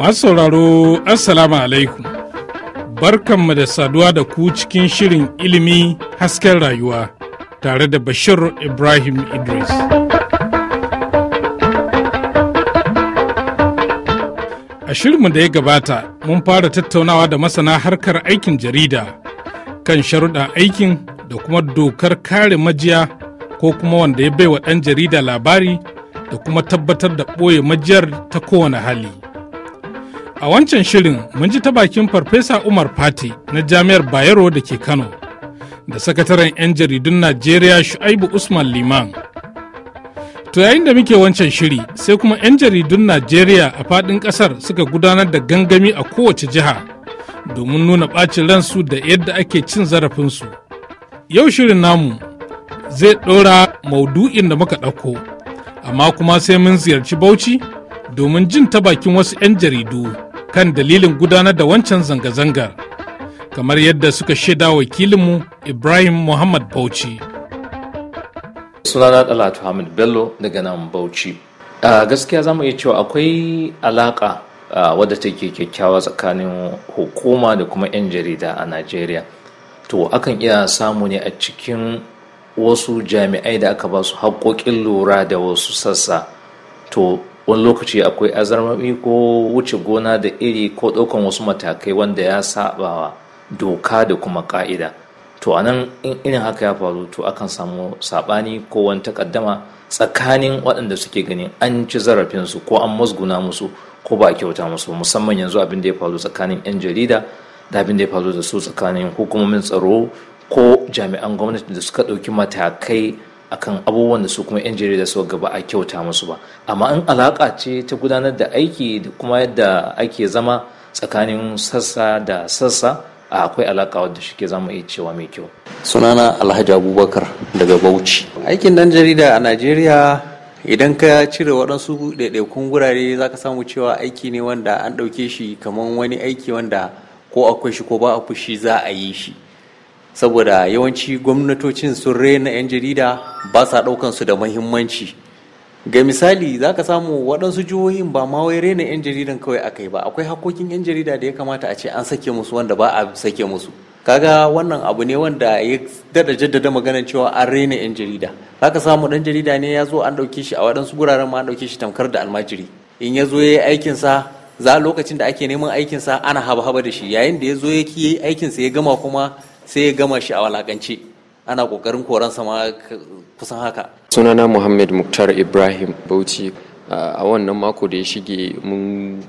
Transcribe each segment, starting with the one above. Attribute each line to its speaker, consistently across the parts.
Speaker 1: Masu sauraro Assalamu alaikum barkanmu da saduwa da ku cikin shirin ilimi hasken rayuwa tare da Bashir Ibrahim Idris. A shirinmu da ya gabata mun fara tattaunawa da masana harkar aikin jarida kan sharuɗa aikin da kuma dokar kare majiya ko kuma wanda ya baiwa ɗan jarida labari da kuma tabbatar da ɓoye majiyar ta kowane hali. A wancan shirin mun ji ta bakin Farfesa Umar Fati na Jami'ar Bayero da ke Kano da sakataren 'yan jaridun Najeriya Shu'aibu Usman Liman. To yayin da muke wancan shiri sai kuma 'yan jaridun Najeriya a faɗin ƙasar suka gudanar da gangami a kowace jiha domin nuna ɓacin ransu da yadda ake cin zarafinsu. Yau shirin namu zai ɗora maudu'in da muka ɗauko amma kuma sai mun ziyarci bauchi domin jin ta bakin wasu 'yan jaridu kan dalilin gudanar da wancan zanga-zangar kamar yadda suka shaida wakilinmu ibrahim muhammad bauchi
Speaker 2: sunana Talatu hamid bello daga nan bauchi a gaskiya za mu iya cewa akwai alaka wadda take kyakkyawa tsakanin hukuma da kuma 'yan jarida a najeriya to akan iya samu ne a cikin wasu jami'ai da aka ba su haƙoƙin lura da wasu sassa to wani lokaci akwai azarmami ko wuce gona da iri ko ɗaukan wasu matakai wanda ya sabawa, doka da kuma ƙa'ida to anan in irin haka ya faru to akan samu saɓani ko wani takaddama tsakanin waɗanda suke ganin an ci zarafinsu ko an musguna musu ko ba a kyauta musu musamman yanzu abin da ya faru tsakanin 'yan jarida da abin da ya faru da su tsakanin hukumomin tsaro ko jami'an gwamnati da suka ɗauki matakai akan abubuwan da su kuma 'yan jarida su gaba a kyauta musu ba amma in alaƙa ce ta gudanar da aiki da kuma yadda ake zama tsakanin sassa da sassa akwai alaƙa wadda shi ke zama iya cewa mai kyau
Speaker 3: sunana alhaji abubakar daga bauchi aikin dan jarida a najeriya idan ka cire waɗansu ɗaiɗaikun wurare, za ka samu cewa aiki ne wanda an ɗauke shi kamar wani aiki wanda ko akwai shi ko ba a fushi za a yi shi saboda yawanci gwamnatocin sun rena 'yan jarida ba sa ɗaukan su da mahimmanci ga misali za ka samu waɗansu jihohin ba ma wai rena 'yan jaridan kawai yi ba akwai hakokin 'yan jarida da ya kamata a ce an sake musu wanda ba a sake musu kaga wannan abu ne wanda ya dada jaddada maganar cewa an rena 'yan jarida za ka samu ɗan jarida ne ya zo an ɗauke shi a waɗansu guraren ma an ɗauke shi tamkar da almajiri in ya zo ya yi aikinsa za lokacin da ake neman aikinsa ana haba-haba da shi yayin da ya zo ya ki aikinsa ya gama kuma sai ya gama shi a walakance ana kokarin koran sama kusan haka sunana muhammed muktar ibrahim bauchi a wannan mako da ya shige mun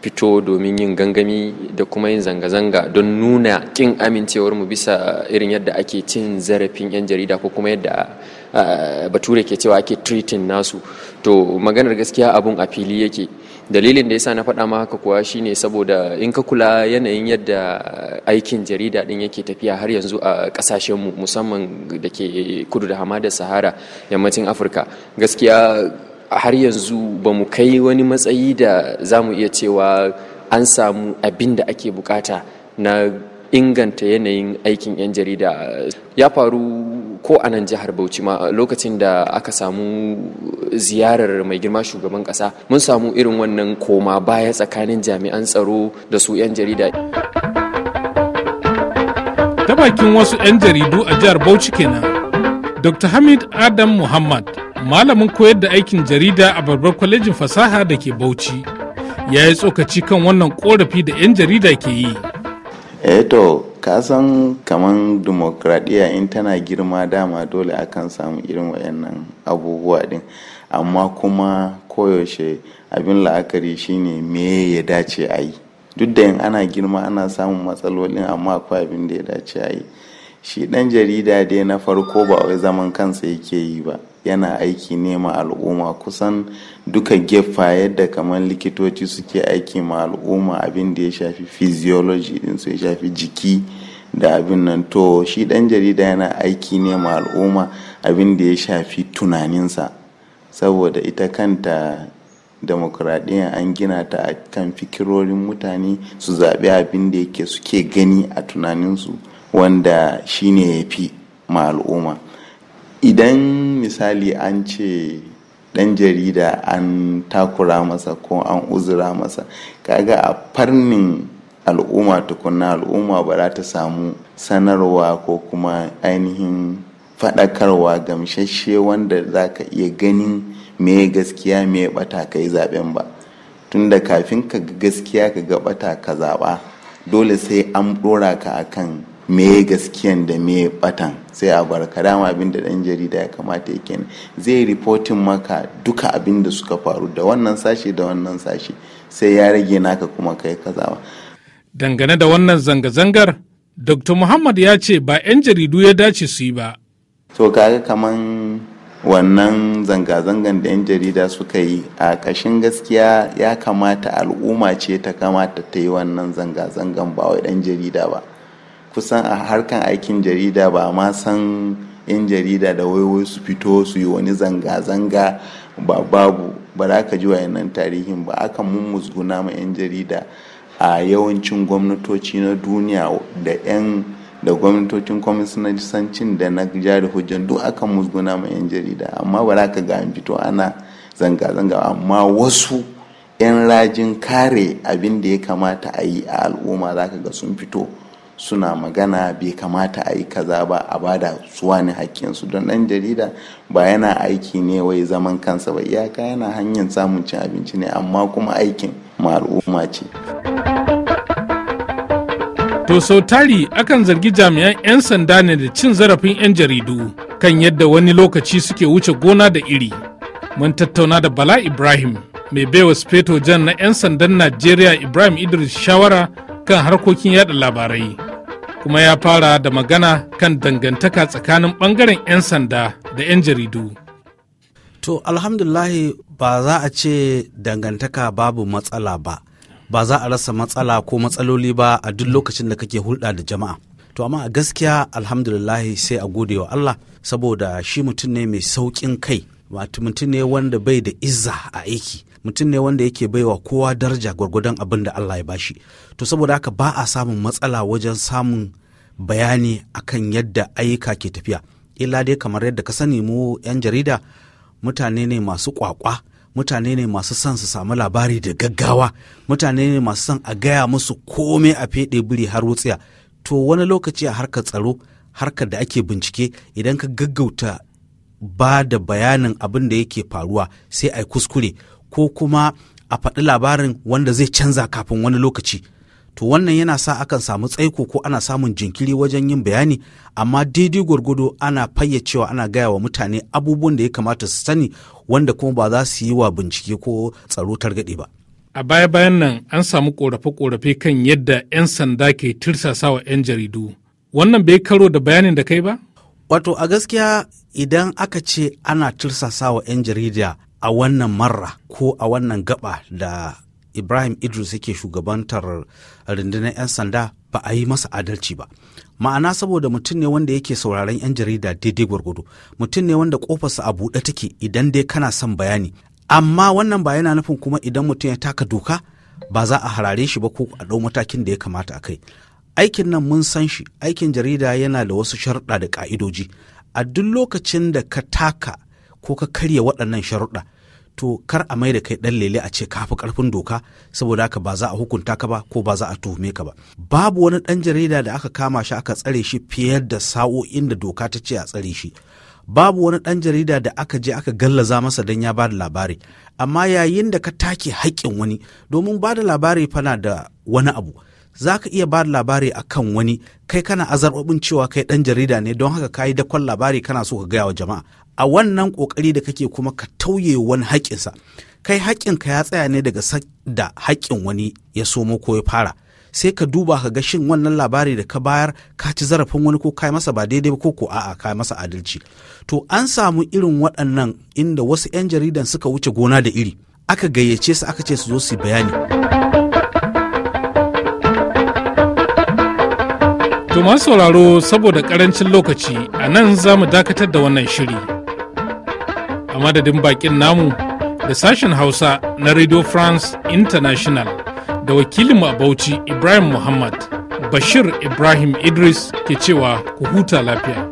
Speaker 3: fito domin yin gangami da kuma yin zanga-zanga don nuna kin amincewar mu bisa irin yadda ake cin zarafin 'yan jarida ko kuma yadda bature ke cewa ake treating nasu to maganar gaskiya abun a fili yake dalilin da ya sa na faɗa ma haka kuwa shine saboda in ka kula yanayin yadda aikin jarida din yake tafiya har yanzu a kasashen mu musamman da ke kudu da hamadar sahara yammacin afirka gaskiya har yanzu ba mu kai wani matsayi da za mu iya cewa an samu abin da ake bukata na inganta yanayin aikin 'yan jarida ya faru ko a nan jihar Bauchi ma lokacin da aka samu ziyarar mai girma shugaban kasa mun samu irin wannan koma baya tsakanin jami'an tsaro da su 'yan jarida.
Speaker 1: Ta bakin wasu 'yan jaridu a jihar Bauchi kenan. Dr. Hamid Adam Muhammad, malamin koyar da aikin jarida a babbar kwalejin fasaha da ke Bauchi, ya yi tsokaci kan wannan korafi da 'yan jarida ke yi.
Speaker 4: eh to ka san kaman demokradiyya in tana girma dama dole akan samu irin wayannan abubuwa din amma kuma koyaushe abin la'akari shine me ya dace a yi duk da yin ana girma ana samun matsalolin amma akwai abin da ya dace a yi shi dan jarida dai na farko ba wai zaman kansa yake yi ba yana aiki ne ma al'umma kusan duka gefa yadda kamar likitoci suke aiki ma al'umma abin da ya shafi physiology din su ya shafi jiki da abin nan to shi dan jarida yana aiki ne ma al'umma abin da ya shafi tunaninsa saboda ita kanta demokradiyya an gina ta a kan fikirorin mutane su zaɓi abin da yake suke gani a tunaninsu wanda shine ya fi ma al'umma idan misali an ce ɗan jarida an takura masa ko an uzura masa kaga a farnin al'umma tukunna al'umma ba za ta samu sanarwa ko kuma ainihin faɗakarwa gamsasshe wanda za ka iya ganin me gaskiya me bata ka yi zaben ba tunda kafin ka gaskiya ka ga bata ka zaɓa dole sai an ɗora ka akan me gaskiyan da me batan sai a bar karama abin da dan jarida ya kamata ya kenan zai ripotin maka duka abin da suka faru da wannan sashe da wannan sashe sai ya rage naka kuma kai kazawa
Speaker 1: dangane da wannan zanga-zangar dr muhammad ya ce ba 'yan jaridu ya dace su yi ba
Speaker 4: to kaga kaman wannan zanga-zangan da 'yan jarida suka yi a kashin gaskiya ya kamata al'umma ce ta kamata ta yi wannan zanga-zangan ba wai ɗan jarida ba kusan a harkan aikin jarida ba ma san 'yan jarida da waiwai su fito su yi wani zanga-zanga ba babu ba za ka ji wayannan tarihin ba aka mummuzguna ma 'yan jarida a yawancin gwamnatoci na duniya da 'yan da gwamnatocin kwamisinancin da na jari hujjan duk aka musguna ma 'yan jarida amma ba za ka ga an fito ana zanga-zanga amma wasu 'yan rajin kare abin da ya kamata a yi a al'umma za ka ga sun fito suna magana bai kamata a yi kaza ba a bada suwa ne su, don ɗan jarida ba yana aiki ne wai zaman kansa ba iyaka yana hanyar samun cin abinci ne amma kuma aikin ma al'umma ce.
Speaker 1: To sau tari akan zargi jami'an 'yan sanda ne da cin zarafin 'yan jaridu kan yadda wani lokaci suke wuce gona da iri. Mun tattauna da Bala Ibrahim mai baiwa speto Jan na 'yan sandan Najeriya Ibrahim Idris shawara kan harkokin yada labarai. kuma ya fara da magana kan dangantaka tsakanin bangaren 'yan sanda da 'yan jaridu. To alhamdulahi ba za a ce dangantaka babu
Speaker 5: matsala ba, ba za a rasa matsala ko matsaloli ba a duk lokacin da kake hulɗa da jama'a. to amma a gaskiya alhamdulillahi sai a gode wa Allah saboda shi mutum ne mai sauƙin kai wato mutum ne wanda bai da izza a aiki mutum ne wanda yake baiwa kowa daraja gwargwadon abin da Allah ya bashi to saboda haka ba a samun matsala wajen samun bayani akan yadda ayyuka ke tafiya illa dai kamar yadda ka sani mu 'yan jarida mutane ne masu kwakwa mutane ne masu son su samu labari da gaggawa mutane ne masu son a gaya musu komai a feɗe biri har wutsiya to wani lokaci a harkar tsaro harkar da ake bincike idan ka gaggauta ba da bayanin abin da yake faruwa sai a kuskure ko kuma a faɗi labarin wanda zai canza kafin wani lokaci to wannan yana sa akan samu tsaiko ko ana samun jinkiri wajen yin bayani amma daidai gwargwado ana fayyacewa ana gaya wa mutane abubuwan da ya kamata su sani wanda kuma ba za su yi wa bincike ko tsaro targaɗe ba
Speaker 1: a baya bayan nan an samu korafe-korafe kan yadda 'yan sanda ke tirsasawa 'yan jaridu wannan bai karo da bayanin da kai ba wato a gaskiya idan aka ce
Speaker 5: ana tirsasawa 'yan jarida a wannan marra ko a wannan gaba da ibrahim idris yake shugabantar rundunar 'yan sanda ba a yi masa adalci ba ma'ana saboda mutum ne wanda yake sauraron 'yan jarida daidai gwargwado mutum ne wanda kofarsa a buɗe take idan dai kana son bayani amma wannan ba yana nufin kuma idan mutum ya taka doka ba za a harare shi ba ko a ɗau matakin da ya kamata a kai aikin nan mun san shi aikin jarida yana da wasu sharuɗa da ƙa'idoji a duk lokacin da ka taka ko ka karya waɗannan sharuɗa to kar a mai da kai ɗan lele a ce ka fi ƙarfin doka saboda haka ba za a hukunta ka ba ko ba za a tuhume ka ba babu wani ɗan jarida da aka kama shi aka tsare shi fiye da sa'o'in da doka ta ce a tsare shi babu wani ɗan jarida da aka je aka gallaza masa don ya da labari amma yayin da ka take haƙƙin wani domin ba da labari fana da wani abu za ka iya da labari a kan wani kai kana azarbabin cewa kai ɗan jarida ne don haka kayi dakon labari kana so ka gaya wa jama'a a wannan kokari da kake kuma ka tauye wani haƙƙinsa kai haƙinka ya tsaya ne daga da haƙƙin wani ya somo ko ya fara sai ka duba ka ga shin wannan labari da ka bayar ka ci zarafin wani ko kai masa ba daidai ba ko ko a'a kai masa adalci to an samu irin waɗannan inda wasu 'yan jaridan suka wuce gona da iri aka gayyace su aka ce su zo su
Speaker 1: bayani To masu sauraro saboda karancin lokaci a nan za mu dakatar da wannan shiri a madadin bakin namu da sashen hausa na radio france international da wakilinmu a bauchi ibrahim muhammad bashir ibrahim idris ke cewa ku huta lafiya